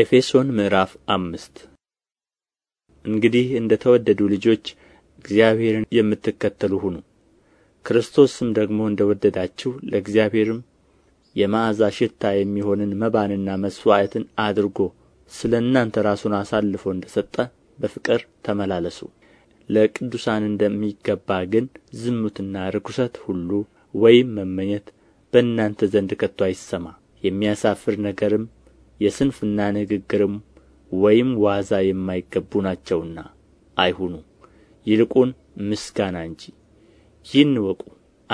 ኤፌሶን ምዕራፍ አምስት እንግዲህ እንደ ተወደዱ ልጆች እግዚአብሔርን የምትከተሉ ሁኑ፣ ክርስቶስም ደግሞ እንደ ወደዳችሁ ለእግዚአብሔርም የመዓዛ ሽታ የሚሆንን መባንና መሥዋዕትን አድርጎ ስለ እናንተ ራሱን አሳልፎ እንደ ሰጠ በፍቅር ተመላለሱ። ለቅዱሳን እንደሚገባ ግን ዝሙትና ርኵሰት ሁሉ ወይም መመኘት በእናንተ ዘንድ ከቶ አይሰማ፣ የሚያሳፍር ነገርም የስንፍና ንግግርም ወይም ዋዛ የማይገቡ ናቸውና አይሁኑ ይልቁን ምስጋና እንጂ ይህን እወቁ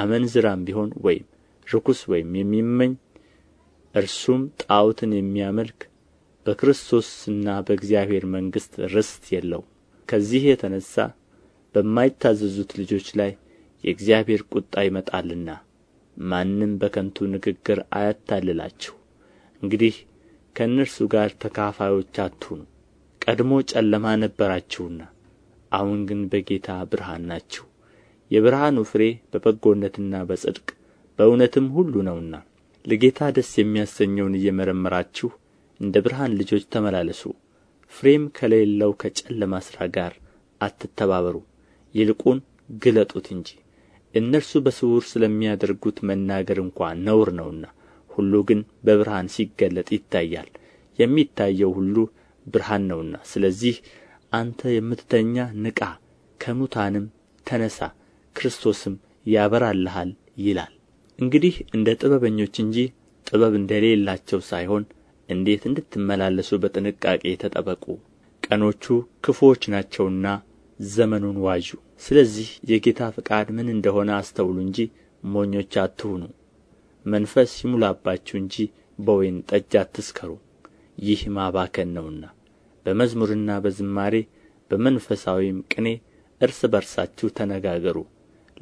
አመንዝራም ቢሆን ወይም ርኩስ ወይም የሚመኝ እርሱም ጣዖትን የሚያመልክ በክርስቶስና በእግዚአብሔር መንግሥት ርስት የለውም። ከዚህ የተነሣ በማይታዘዙት ልጆች ላይ የእግዚአብሔር ቁጣ ይመጣልና። ማንም በከንቱ ንግግር አያታልላችሁ። እንግዲህ ከእነርሱ ጋር ተካፋዮች አትሁኑ ቀድሞ ጨለማ ነበራችሁና አሁን ግን በጌታ ብርሃን ናችሁ የብርሃኑ ፍሬ በበጎነትና በጽድቅ በእውነትም ሁሉ ነውና ለጌታ ደስ የሚያሰኘውን እየመረመራችሁ እንደ ብርሃን ልጆች ተመላለሱ ፍሬም ከሌለው ከጨለማ ሥራ ጋር አትተባበሩ ይልቁን ግለጡት እንጂ እነርሱ በስውር ስለሚያደርጉት መናገር እንኳ ነውር ነውና ሁሉ ግን በብርሃን ሲገለጥ ይታያል የሚታየው ሁሉ ብርሃን ነውና ስለዚህ አንተ የምትተኛ ንቃ ከሙታንም ተነሳ ክርስቶስም ያበራልሃል ይላል እንግዲህ እንደ ጥበበኞች እንጂ ጥበብ እንደሌላቸው ሳይሆን እንዴት እንድትመላለሱ በጥንቃቄ ተጠበቁ ቀኖቹ ክፉዎች ናቸውና ዘመኑን ዋጁ ስለዚህ የጌታ ፈቃድ ምን እንደሆነ አስተውሉ እንጂ ሞኞች አትሁኑ መንፈስ ይሙላባችሁ እንጂ በወይን ጠጅ አትስከሩ ይህ ማባከን ነውና በመዝሙርና በዝማሬ በመንፈሳዊም ቅኔ እርስ በርሳችሁ ተነጋገሩ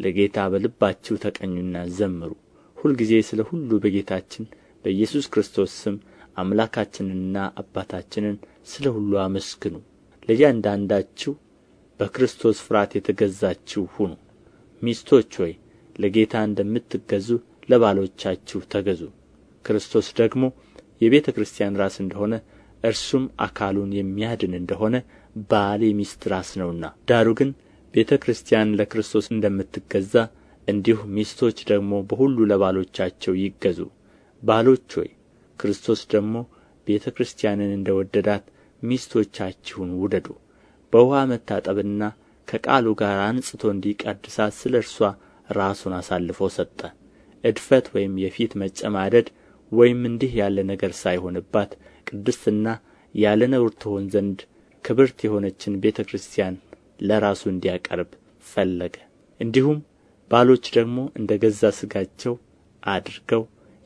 ለጌታ በልባችሁ ተቀኙና ዘምሩ ሁልጊዜ ስለ ሁሉ በጌታችን በኢየሱስ ክርስቶስ ስም አምላካችንንና አባታችንን ስለ ሁሉ አመስግኑ ለእያንዳንዳችሁ በክርስቶስ ፍርሃት የተገዛችሁ ሁኑ ሚስቶች ሆይ ለጌታ እንደምትገዙ ለባሎቻችሁ ተገዙ ክርስቶስ ደግሞ የቤተ ክርስቲያን ራስ እንደሆነ እርሱም አካሉን የሚያድን እንደሆነ ባል የሚስት ራስ ነውና ዳሩ ግን ቤተ ክርስቲያን ለክርስቶስ እንደምትገዛ እንዲሁ ሚስቶች ደግሞ በሁሉ ለባሎቻቸው ይገዙ ባሎች ሆይ ክርስቶስ ደግሞ ቤተ ክርስቲያንን እንደ ወደዳት ሚስቶቻችሁን ውደዱ በውኃ መታጠብና ከቃሉ ጋር አንጽቶ እንዲቀድሳት ስለ እርሷ ራሱን አሳልፎ ሰጠ እድፈት ወይም የፊት መጨማደድ ወይም እንዲህ ያለ ነገር ሳይሆንባት ቅድስትና ያለ ነውር ትሆን ዘንድ ክብርት የሆነችን ቤተ ክርስቲያን ለራሱ እንዲያቀርብ ፈለገ እንዲሁም ባሎች ደግሞ እንደ ገዛ ሥጋቸው አድርገው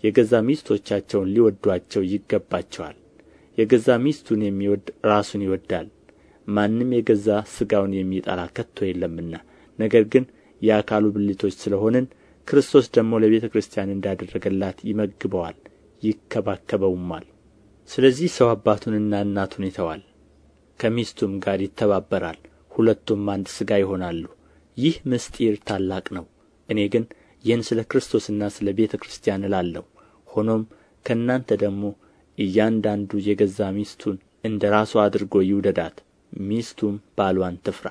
የገዛ ሚስቶቻቸውን ሊወዷቸው ይገባቸዋል። የገዛ ሚስቱን የሚወድ ራሱን ይወዳል። ማንም የገዛ ሥጋውን የሚጠላ ከቶ የለምና ነገር ግን የአካሉ ብልቶች ስለ ሆንን ክርስቶስ ደግሞ ለቤተ ክርስቲያን እንዳደረገላት ይመግበዋል ይከባከበውማል ስለዚህ ሰው አባቱንና እናቱን ይተዋል ከሚስቱም ጋር ይተባበራል ሁለቱም አንድ ሥጋ ይሆናሉ ይህ ምስጢር ታላቅ ነው እኔ ግን ይህን ስለ ክርስቶስና ስለ ቤተ ክርስቲያን እላለሁ ሆኖም ከእናንተ ደግሞ እያንዳንዱ የገዛ ሚስቱን እንደ ራሱ አድርጎ ይውደዳት ሚስቱም ባሏን ትፍራ